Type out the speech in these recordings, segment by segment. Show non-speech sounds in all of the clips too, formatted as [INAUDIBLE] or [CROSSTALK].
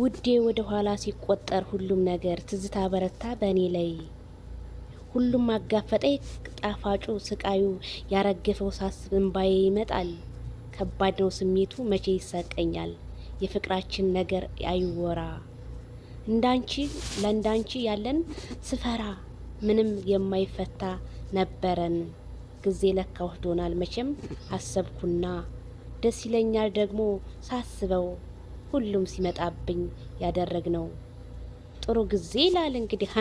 ውዴ ወደ ኋላ ሲቆጠር ሁሉም ነገር ትዝታ በረታ በእኔ ላይ ሁሉም አጋፈጠኝ ጣፋጩ ስቃዩ ያረገፈው ሳስብ እንባዬ ይመጣል። ከባድ ነው ስሜቱ መቼ ይሳቀኛል የፍቅራችን ነገር አይወራ እንዳንቺ ለእንዳንቺ ያለን ስፈራ ምንም የማይፈታ ነበረን ጊዜ ለካ ወስዶናል መቼም አሰብኩና ደስ ይለኛል ደግሞ ሳስበው ሁሉም ሲመጣብኝ ያደረግነው ጥሩ ጊዜ ይላል እንግዲህ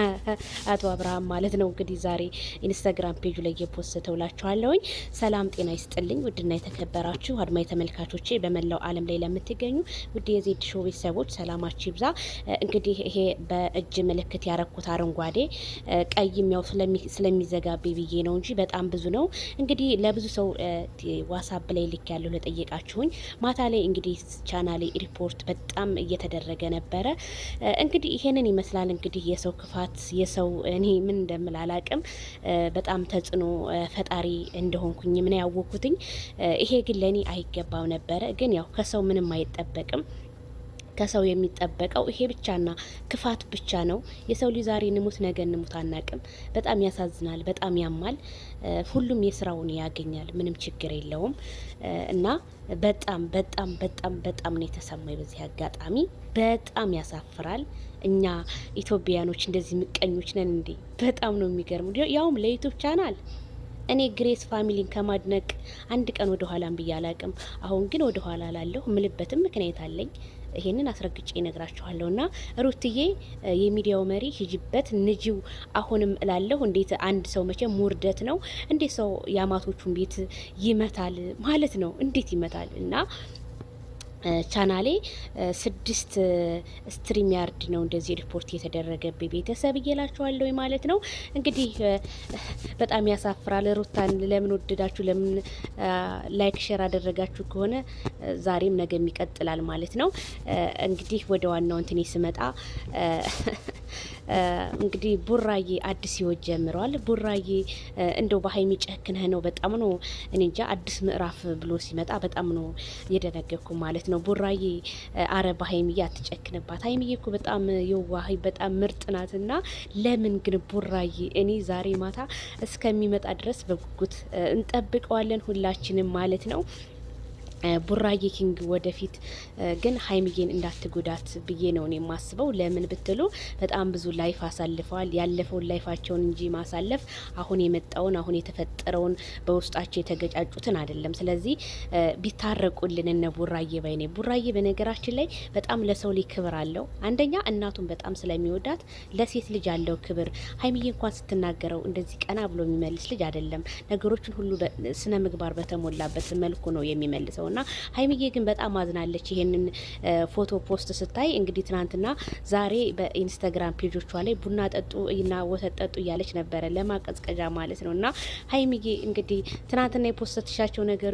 አቶ አብርሃም ማለት ነው። እንግዲህ ዛሬ ኢንስታግራም ፔጁ ላይ የፖስተው ላችኋለሁኝ። ሰላም ጤና ይስጥልኝ ውድና የተከበራችሁ አድማ ተመልካቾቼ፣ በመላው ዓለም ላይ ለምትገኙ ውድ የዜድ ሾው ቤተሰቦች ሰላማችሁ ይብዛ። እንግዲህ ይሄ በእጅ ምልክት ያረኩት አረንጓዴ ቀይ ያው ስለሚዘጋቤ ብዬ ነው እንጂ በጣም ብዙ ነው። እንግዲህ ለብዙ ሰው ዋሳብ ላይ ልክ ያለሁ ለጠየቃችሁኝ ማታ ላይ እንግዲህ ቻናሌ ሪፖርት በጣም እየተደረገ ነበረ። እንግዲህ ይሄንን ይመስላል እንግዲህ የሰው ክፋት የሰው እኔ ምን እንደምል አላቅም። በጣም ተጽዕኖ ፈጣሪ እንደሆንኩኝ ምን ያወቅኩትኝ። ይሄ ግን ለእኔ አይገባም ነበረ። ግን ያው ከሰው ምንም አይጠበቅም። ከሰው የሚጠበቀው ይሄ ብቻና ክፋት ብቻ ነው። የሰው ልጅ ዛሬ ንሙት ነገ ንሙት አናቅም። በጣም ያሳዝናል፣ በጣም ያማል። ሁሉም የስራውን ያገኛል፣ ምንም ችግር የለውም። እና በጣም በጣም በጣም በጣም ነው የተሰማኝ በዚህ አጋጣሚ። በጣም ያሳፍራል። እኛ ኢትዮጵያኖች እንደዚህ ምቀኞች ነን እንዴ? በጣም ነው የሚገርሙ። ያውም ለዩቱብ ቻናል እኔ ግሬስ ፋሚሊን ከማድነቅ አንድ ቀን ወደ ኋላም ብዬ አላቅም። አሁን ግን ወደ ኋላ ላለሁ ምልበትም ምክንያት አለኝ። ይሄንን አስረግጬ እነግራችኋለሁ። እና ሩትዬ የሚዲያው መሪ ሂጅበት፣ ንጂው አሁንም እላለሁ። እንዴት አንድ ሰው መቼ ሙርደት ነው እንዴት ሰው የአማቶቹን ቤት ይመታል ማለት ነው? እንዴት ይመታል እና ቻናሌ ስድስት ስትሪም ያርድ ነው እንደዚህ ሪፖርት የተደረገብኝ ቤተሰብ እየላችኋለሁ ማለት ነው። እንግዲህ በጣም ያሳፍራል። ሩታን ለምን ወደዳችሁ? ለምን ላይክ ሼር አደረጋችሁ? ከሆነ ዛሬም ነገም ይቀጥላል ማለት ነው። እንግዲህ ወደ ዋናው እንትኔ ስመጣ [LAUGHS] እንግዲህ ቡራዬ አዲስ ህይወት ጀምረዋል። ቡራዬ እንደው በሀይሚ ጨክነህ ነው በጣም ነው እኔ እንጃ አዲስ ምዕራፍ ብሎ ሲመጣ በጣም ነው የደነገኩ ማለት ነው። ቡራዬ አረ በሀይሚዬ አትጨክንባት፣ ሀይሚዬ እኮ በጣም የዋህ በጣም ምርጥ ናት። እና ለምን ግን ቡራዬ እኔ ዛሬ ማታ እስከሚመጣ ድረስ በጉጉት እንጠብቀዋለን ሁላችንም ማለት ነው። ቡራዬ ኪንግ ወደፊት ግን ሀይሚዬን እንዳትጎዳት ብዬ ነው የማስበው። ለምን ብትሉ በጣም ብዙ ላይፍ አሳልፈዋል። ያለፈውን ላይፋቸውን እንጂ ማሳለፍ አሁን የመጣውን አሁን የተፈጠረውን በውስጣቸው የተገጫጩትን አይደለም። ስለዚህ ቢታረቁልን እነ ቡራዬ ባይኔ። ቡራዬ በነገራችን ላይ በጣም ለሰው ልጅ ክብር አለው። አንደኛ እናቱን በጣም ስለሚወዳት ለሴት ልጅ አለው ክብር ሀይሚዬ እንኳን ስትናገረው እንደዚህ ቀና ብሎ የሚመልስ ልጅ አይደለም። ነገሮችን ሁሉ ስነ ምግባር በተሞላበት መልኩ ነው የሚመልሰው እና ሀይሚዬ ግን በጣም አዝናለች። ይሄንን ፎቶ ፖስት ስታይ እንግዲህ ትናንትና ዛሬ በኢንስታግራም ፔጆቿ ላይ ቡና ጠጡ እና ወተት ጠጡ እያለች ነበረ ለማቀዝቀዣ ማለት ነው እና ሀይሚዬ እንግዲህ ትናንትና የፖስተትሻቸው ነገሮች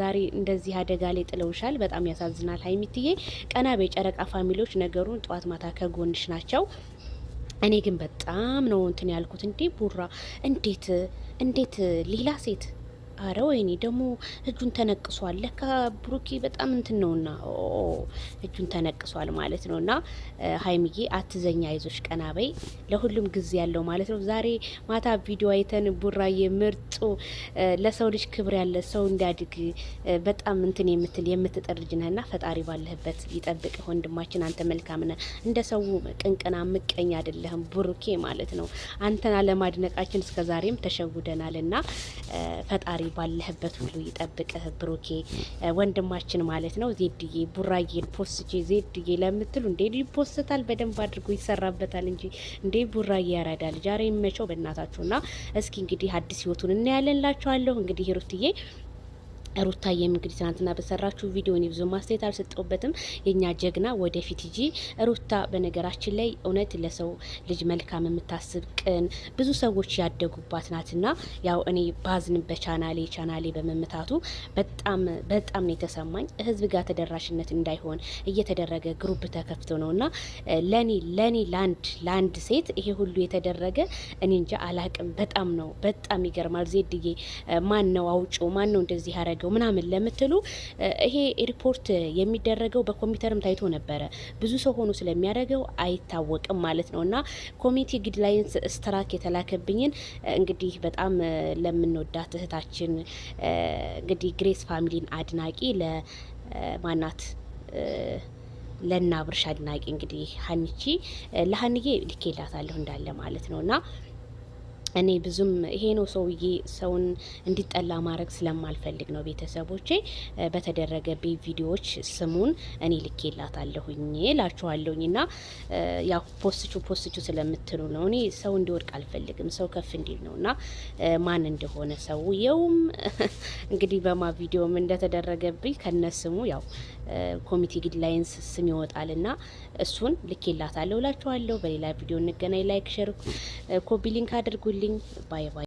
ዛሬ እንደዚህ አደጋ ላይ ጥለውሻል። በጣም ያሳዝናል። ሀይሚትዬ ቀና በጨረቃ ፋሚሊዎች ነገሩን ጠዋት ማታ ከጎንሽ ናቸው። እኔ ግን በጣም ነው እንትን ያልኩት። እንዴ ቡራ እንዴት እንዴት ሌላ ሴት አረ ወይኔ ደግሞ እጁን ተነቅሷል። ለካ ብሩኬ በጣም እንትን ነውና እጁን ተነቅሷል ማለት ነው። እና ሀይሚዬ አትዘኛ፣ አይዞሽ፣ ቀና በይ። ለሁሉም ጊዜ ያለው ማለት ነው። ዛሬ ማታ ቪዲዮ አይተን ቡራዬ ምርጡ ለሰው ልጅ ክብር ያለ ሰው እንዲያድግ በጣም እንትን የምትል የምትጠር ልጅ ነህና ፈጣሪ ባለህበት ይጠብቅ ወንድማችን። አንተ መልካም ነህ። እንደ ሰው ቅንቅና ምቀኝ አይደለህም ብሩኬ ማለት ነው። አንተን አለማድነቃችን እስከዛሬም ተሸውደናል እና ፈጣሪ ባለህበት ሁሉ ይጠብቅህ ብሩኬ ወንድማችን ማለት ነው። ዜድዬ ቡራዬን ፖስቼ ዜድዬ ለምትሉ እንዴ ይፖስታል በደንብ አድርጎ ይሰራበታል እንጂ እንዴ ቡራዬ ያራዳ ዛሬ ኧረ ይመቸው በእናታችሁና። እስኪ እንግዲህ አዲስ ህይወቱን እናያለን ላችኋለሁ። እንግዲህ ሩትዬ ሩታዬም እንግዲህ ትናንትና በሰራችሁ ቪዲዮን ብዙ ማስተያየት አልሰጠሁበትም። የእኛ ጀግና ወደፊት እጂ ሩታ በነገራችን ላይ እውነት ለሰው ልጅ መልካም የምታስብ ቅን፣ ብዙ ሰዎች ያደጉባት ናትና ያው እኔ ባዝን በቻናሌ ቻናሌ በመምታቱ በጣም በጣም ነው የተሰማኝ። ህዝብ ጋር ተደራሽነት እንዳይሆን እየተደረገ ግሩፕ ተከፍቶ ነውና ለኔ ለኔ ለአንድ ለአንድ ሴት ይሄ ሁሉ የተደረገ እኔ እንጃ አላቅም። በጣም ነው በጣም ይገርማል። ዜድዬ ማን ነው አውጮ ማን ነው እንደዚህ ያረገ አድርገው ምናምን ለምትሉ ይሄ ሪፖርት የሚደረገው በኮምፒውተርም ታይቶ ነበረ። ብዙ ሰው ሆኖ ስለሚያደርገው አይታወቅም ማለት ነው እና ኮሚቴ ግድላይንስ ስትራክ የተላከብኝን እንግዲህ በጣም ለምንወዳት እህታችን እንግዲህ ግሬስ ፋሚሊን አድናቂ ለማናት ለና ብርሽ አድናቂ እንግዲህ ሀንቺ ለሀንዬ ልኬላታለሁ እንዳለ ማለት ነው እና እኔ ብዙም ይሄ ነው ሰውዬ ሰውን እንዲጠላ ማድረግ ስለማልፈልግ ነው። ቤተሰቦቼ በተደረገብኝ ቪዲዮዎች ስሙን እኔ ልኬላታለሁኝ ላችኋለሁኝ እና ያው ፖስቹ ፖስቹ ስለምትሉ ነው። እኔ ሰው እንዲወድቅ አልፈልግም። ሰው ከፍ እንዲል ነው እና ማን እንደሆነ ሰውየውም [LAUGHS] እንግዲህ በማ ቪዲዮም እንደተደረገብኝ ስሙ ያው ኮሚቴ ግድላይንስ ስም ይወጣል እና እሱን ልኬላታለሁ ላችኋለሁ። በሌላ ቪዲዮ እንገናኝ። ላይክ ሸር፣ ኮፒ ሊንክ አድርጉልኝ። building bye. by